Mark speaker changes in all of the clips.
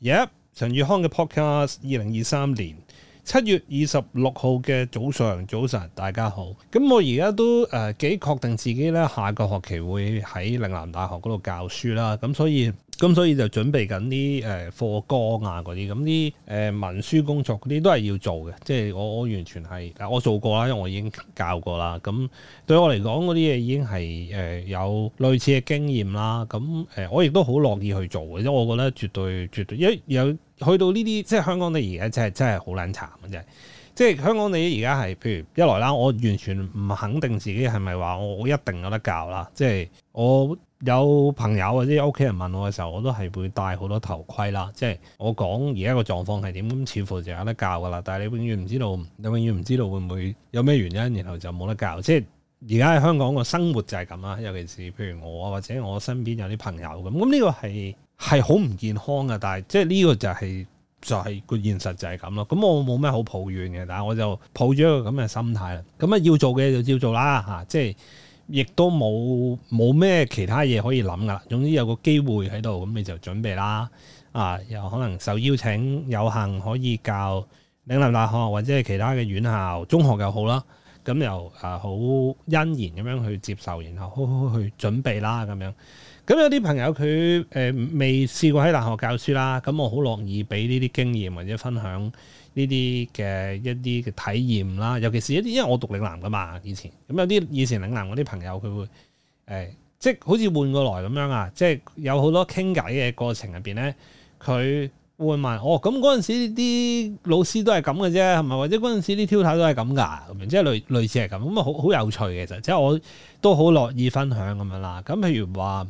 Speaker 1: Yep，陳宇康嘅 podcast，二零二三年七月二十六號嘅早上，早晨大家好。咁我而家都誒幾確定自己咧，下個學期會喺嶺南大學嗰度教書啦。咁所以。咁所以就準備緊啲誒課綱啊嗰啲，咁啲誒文書工作嗰啲都係要做嘅，即係我我完全係，我做過啦，因為我已經教過啦，咁對我嚟講嗰啲嘢已經係誒、呃、有類似嘅經驗啦，咁誒我亦都好樂意去做嘅，因為我覺得絕對絕對，因為有去到呢啲，即係香港你而家真係真係好撚殘嘅，即係即係香港你而家係譬如一來啦，我完全唔肯定自己係咪話我一定有得教啦，即係我。有朋友或者屋企人問我嘅時候，我都係會戴好多頭盔啦。即係我講而家個狀況係點，咁似乎就有得教噶啦。但係你永遠唔知道，你永遠唔知道會唔會有咩原因，然後就冇得教。即係而家喺香港個生活就係咁啦。尤其是譬如我或者我身邊有啲朋友咁，咁呢個係係好唔健康嘅。但係即係呢個就係就係個現實就係咁咯。咁我冇咩好抱怨嘅，但係我就抱咗一個咁嘅心態啦。咁啊要做嘅就照做啦嚇，即係。亦都冇冇咩其他嘢可以諗㗎啦，總之有個機會喺度，咁你就準備啦。啊，又可能受邀請，有幸可以教嶺南大學或者係其他嘅院校、中學好又好啦，咁又啊好欣然咁樣去接受，然後好好去準備啦，咁樣。咁、嗯、有啲朋友佢誒未試過喺大學教書啦，咁我好樂意俾呢啲經驗或者分享呢啲嘅一啲嘅體驗啦。尤其是一啲，因為我讀嶺南噶嘛，以前咁有啲以前嶺南嗰啲朋友佢會誒、哎，即係好似換過來咁樣啊，即係有好多傾偈嘅過程入邊咧，佢會問哦，咁嗰陣時啲老師都係咁嘅啫，係咪？或者嗰陣時啲挑探都係咁噶，咁樣即係類類似係咁，咁啊好好有趣嘅，其實即係我都好樂意分享咁樣啦。咁譬如話。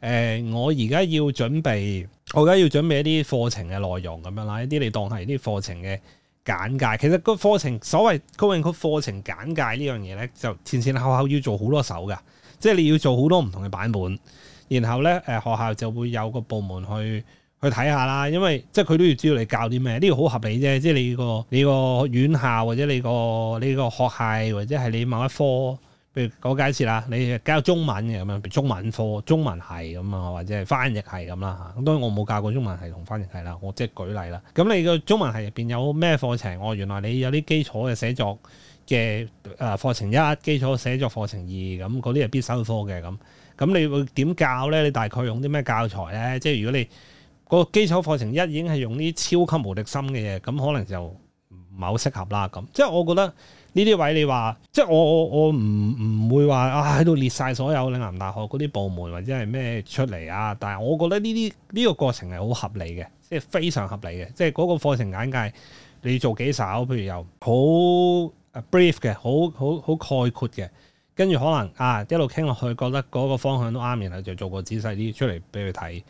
Speaker 1: 誒、呃，我而家要準備，我而家要準備一啲課程嘅內容咁樣啦，一啲你當係啲課程嘅簡介。其實個課程所謂高應科課程簡介呢樣嘢咧，就前前後後要做好多手噶，即係你要做好多唔同嘅版本。然後咧，誒、呃、學校就會有個部門去去睇下啦，因為即係佢都要知道你教啲咩，呢個好合理啫。即係你個你個院校或者你個你個學校或者係你某一科。我解釋啦，你教中文嘅咁樣，中文課、中文系咁啊，或者係翻譯系咁啦嚇。咁當然我冇教過中文系同翻譯系啦，我即係舉例啦。咁你個中文系入邊有咩課程？我、哦、原來你有啲基礎嘅寫作嘅誒課程一，基礎寫作課程二咁，嗰啲係必修科嘅咁。咁你會點教咧？你大概用啲咩教材咧？即係如果你、嗰個基礎課程一已經係用啲超級無敵深嘅嘢，咁可能就唔係好適合啦。咁即係我覺得。呢啲位你話，即係我我我唔唔會話啊喺度列晒所有嶺南大學嗰啲部門或者係咩出嚟啊！但係我覺得呢啲呢個過程係好合理嘅，即係非常合理嘅。即係嗰個課程簡介，你做幾首，譬如又好 brief 嘅，好好好概括嘅，跟住可能啊一路傾落去，覺得嗰個方向都啱，然後就做個仔細啲出嚟俾佢睇。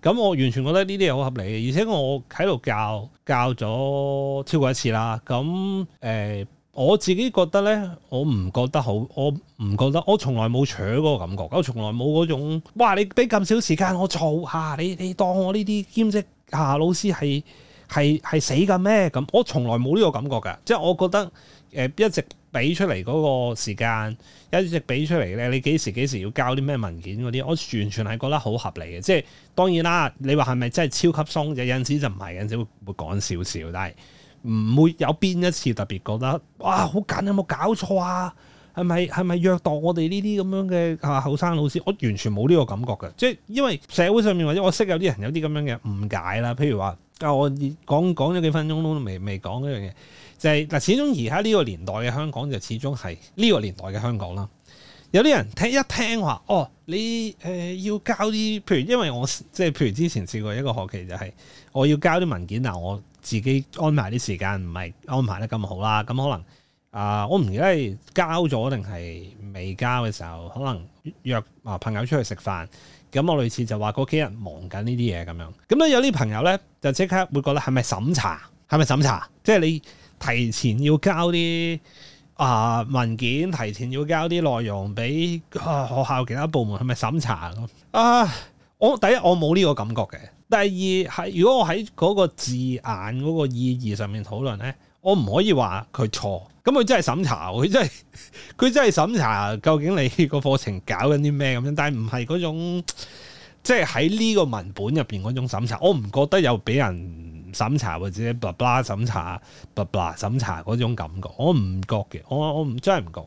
Speaker 1: 咁我完全覺得呢啲係好合理嘅，而且我喺度教教咗超過一次啦。咁誒。呃我自己覺得呢，我唔覺得好，我唔覺得，我從來冇搶嗰個感覺，我從來冇嗰種哇！你俾咁少時間我做嚇、啊，你你當我呢啲兼職嚇、啊、老師係係係死㗎咩？咁我從來冇呢個感覺㗎，即係我覺得誒、呃、一直俾出嚟嗰個時間，一直俾出嚟咧，你幾時幾時要交啲咩文件嗰啲，我完全係覺得好合理嘅。即係當然啦，你話係咪真係超級鬆？有陣時就唔係，有陣時，時會講少少，但係。唔會有邊一次特別覺得哇，好緊，有冇搞錯啊？係咪，係咪虐待我哋呢啲咁樣嘅啊後生老師？我完全冇呢個感覺嘅，即係因為社會上面或者我識有啲人有啲咁樣嘅誤解啦。譬如話，啊、哦、我講講咗幾分鐘都未未講呢樣嘢，就係、是、嗱始終而家呢個年代嘅香港就始終係呢個年代嘅香港啦。有啲人聽一聽話哦，你誒、呃、要交啲，譬如因為我即係譬如之前試過一個學期就係、是、我要交啲文件嗱我。自己安排啲時間唔係安排得咁好啦，咁可能啊、呃，我唔記得交咗定係未交嘅時候，可能約啊朋友出去食飯，咁我類似就話嗰屋企人忙緊呢啲嘢咁樣，咁咧有啲朋友咧就即刻會覺得係咪審查，係咪審查？即係你提前要交啲啊、呃、文件，提前要交啲內容俾、呃、學校其他部門係咪審查咯？啊、呃，我第一我冇呢個感覺嘅。第二係，如果我喺嗰個字眼嗰個意義上面討論咧，我唔可以話佢錯。咁佢真係審查，佢真係佢真係審查究竟你個課程搞緊啲咩咁樣。但係唔係嗰種即係喺呢個文本入邊嗰種審查。我唔覺得有俾人審查或者爸爸審查、爸爸審查嗰種感覺。我唔覺嘅，我我唔真係唔覺。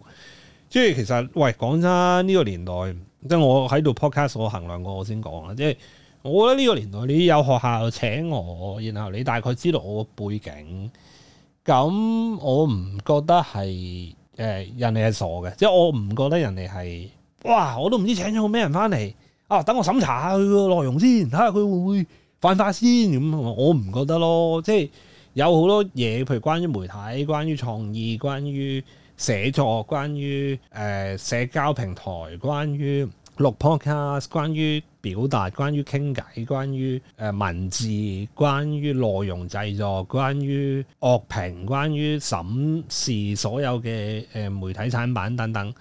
Speaker 1: 即係其實喂，講真，呢個年代即係我喺度 podcast 我衡量過，我先講啊，即係。我覺得呢個年代，你有學校請我，然後你大概知道我個背景，咁我唔覺得係誒、呃、人哋係傻嘅，即係我唔覺得人哋係哇，我都唔知請咗個咩人翻嚟啊！等我審查下佢個內容先，睇下佢會唔會犯法先咁。我唔覺得咯，即係有好多嘢，譬如關於媒體、關於創意、關於寫作、關於誒、呃、社交平台、關於，錄 podcast，關於表達，關於傾偈，關於誒文字，關於內容製作，關於樂評，關於審視所有嘅誒媒體產品等等，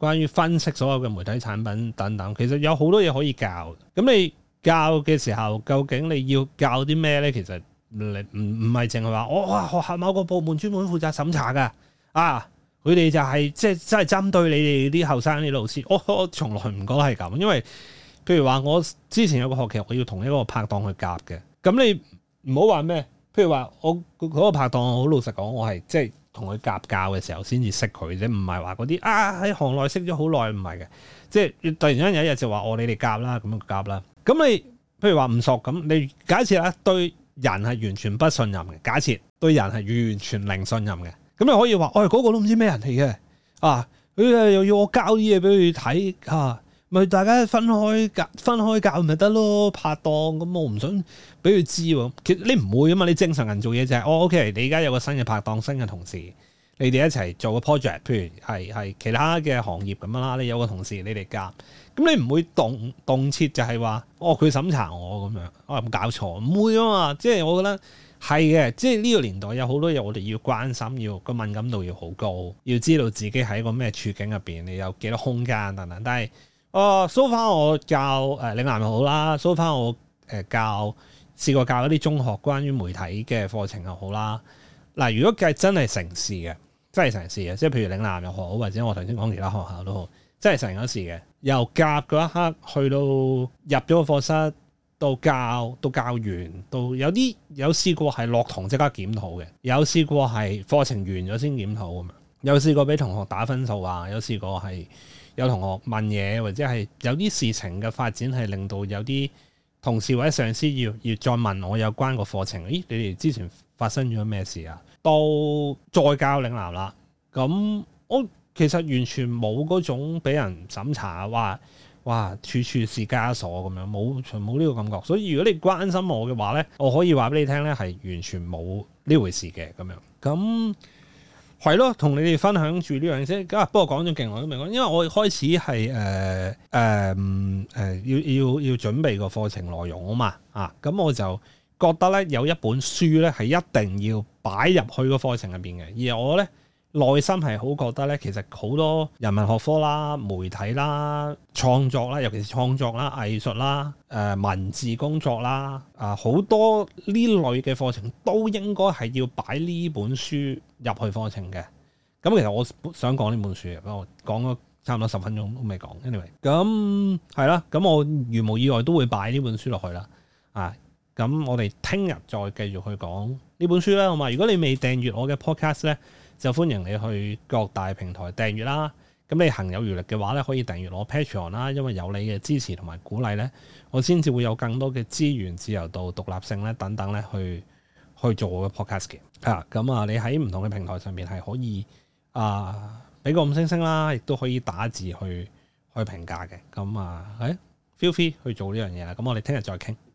Speaker 1: 關於分析所有嘅媒體產品等等。其實有好多嘢可以教。咁你教嘅時候，究竟你要教啲咩咧？其實你唔唔唔係淨係話我哇學校某個部門專門負責審查嘅啊。佢哋就係即係真係針對你哋啲後生啲老師，我我從來唔覺得係咁，因為譬如話我之前有個學期我要同一個拍檔去夾嘅，咁你唔好話咩？譬如話我嗰個拍檔，我好老實講，我係即係同佢夾教嘅時候先至識佢，啫，唔係話嗰啲啊喺行內識咗好耐，唔係嘅，即係突然間有一日就話我你哋夾啦，咁樣夾啦。咁你譬如話唔熟咁，你假設呀，對人係完全不信任嘅，假設對人係完全零信任嘅。咁你可以話，哎嗰、那個都唔知咩人嚟嘅，啊佢啊又要我交啲嘢俾佢睇啊，咪大家分開夾，分開夾咪得咯，拍檔咁、嗯、我唔想俾佢知喎。其實你唔會啊嘛，你正常人做嘢就係、是，哦 OK，你而家有個新嘅拍檔，新嘅同事，你哋一齊做個 project，譬如係係其他嘅行業咁啦，你有個同事，你哋夾。咁、嗯、你唔會動動切就係話，哦，佢審查我咁樣，我有冇搞錯？唔會啊嘛！即係我覺得係嘅，即係呢個年代有好多嘢我哋要關心，要個敏感度要好高，要知道自己喺個咩處境入邊，你有幾多空間等等。但係哦，so far 我教誒嶺南又好啦，so far 我誒教試過教嗰啲中學關於媒體嘅課程又好啦。嗱、呃，如果計真係成事嘅，真係成事嘅，即係譬如嶺南又好，或者我頭先講其他學校都好，真係成咗事嘅。由夾嗰一刻去到入咗個課室，到教到教完，到有啲有試過係落堂即刻檢討嘅，有試過係課程完咗先檢討啊嘛，有試過俾同學打分數啊，有試過係有同學問嘢，或者係有啲事情嘅發展係令到有啲同事或者上司要要再問我有關個課程，咦你哋之前發生咗咩事啊？到再教嶺南啦，咁我。其實完全冇嗰種俾人審查，話哇，哇處處是枷鎖咁樣，冇冇呢個感覺。所以如果你關心我嘅話呢，我可以話俾你聽呢，係完全冇呢回事嘅咁樣。咁係咯，同你哋分享住呢樣嘢先。啊，不過講咗勁耐都未講，因為我開始係誒誒要要要準備個課程內容啊，嘛啊，咁我就覺得呢有一本書呢，係一定要擺入去個課程入邊嘅，而我呢。內心係好覺得咧，其實好多人文學科啦、媒體啦、創作啦，尤其是創作啦、藝術啦、誒、呃、文字工作啦，啊、呃、好多呢類嘅課程都應該係要擺呢本書入去課程嘅。咁、嗯、其實我想講呢本書，我講咗差唔多十分鐘都未講。Anyway，咁、嗯、係啦，咁、嗯嗯、我如無意外都會擺呢本書落去啦。啊、咁、嗯、我哋聽日再繼續去講呢本書啦。好嘛？如果你未訂閱我嘅 podcast 咧。就歡迎你去各大平台訂閱啦。咁你行有餘力嘅話咧，可以訂閱我 Patreon 啦，因為有你嘅支持同埋鼓勵咧，我先至會有更多嘅資源、自由度、獨立性咧等等咧，去去做我嘅 podcast 嘅。嚇、嗯，咁、嗯、啊，你喺唔同嘅平台上面係可以啊，俾、呃、個五星星啦，亦都可以打字去去評價嘅。咁、嗯、啊，係、嗯嗯、Feel free 去做呢樣嘢啦。咁、嗯、我哋聽日再傾。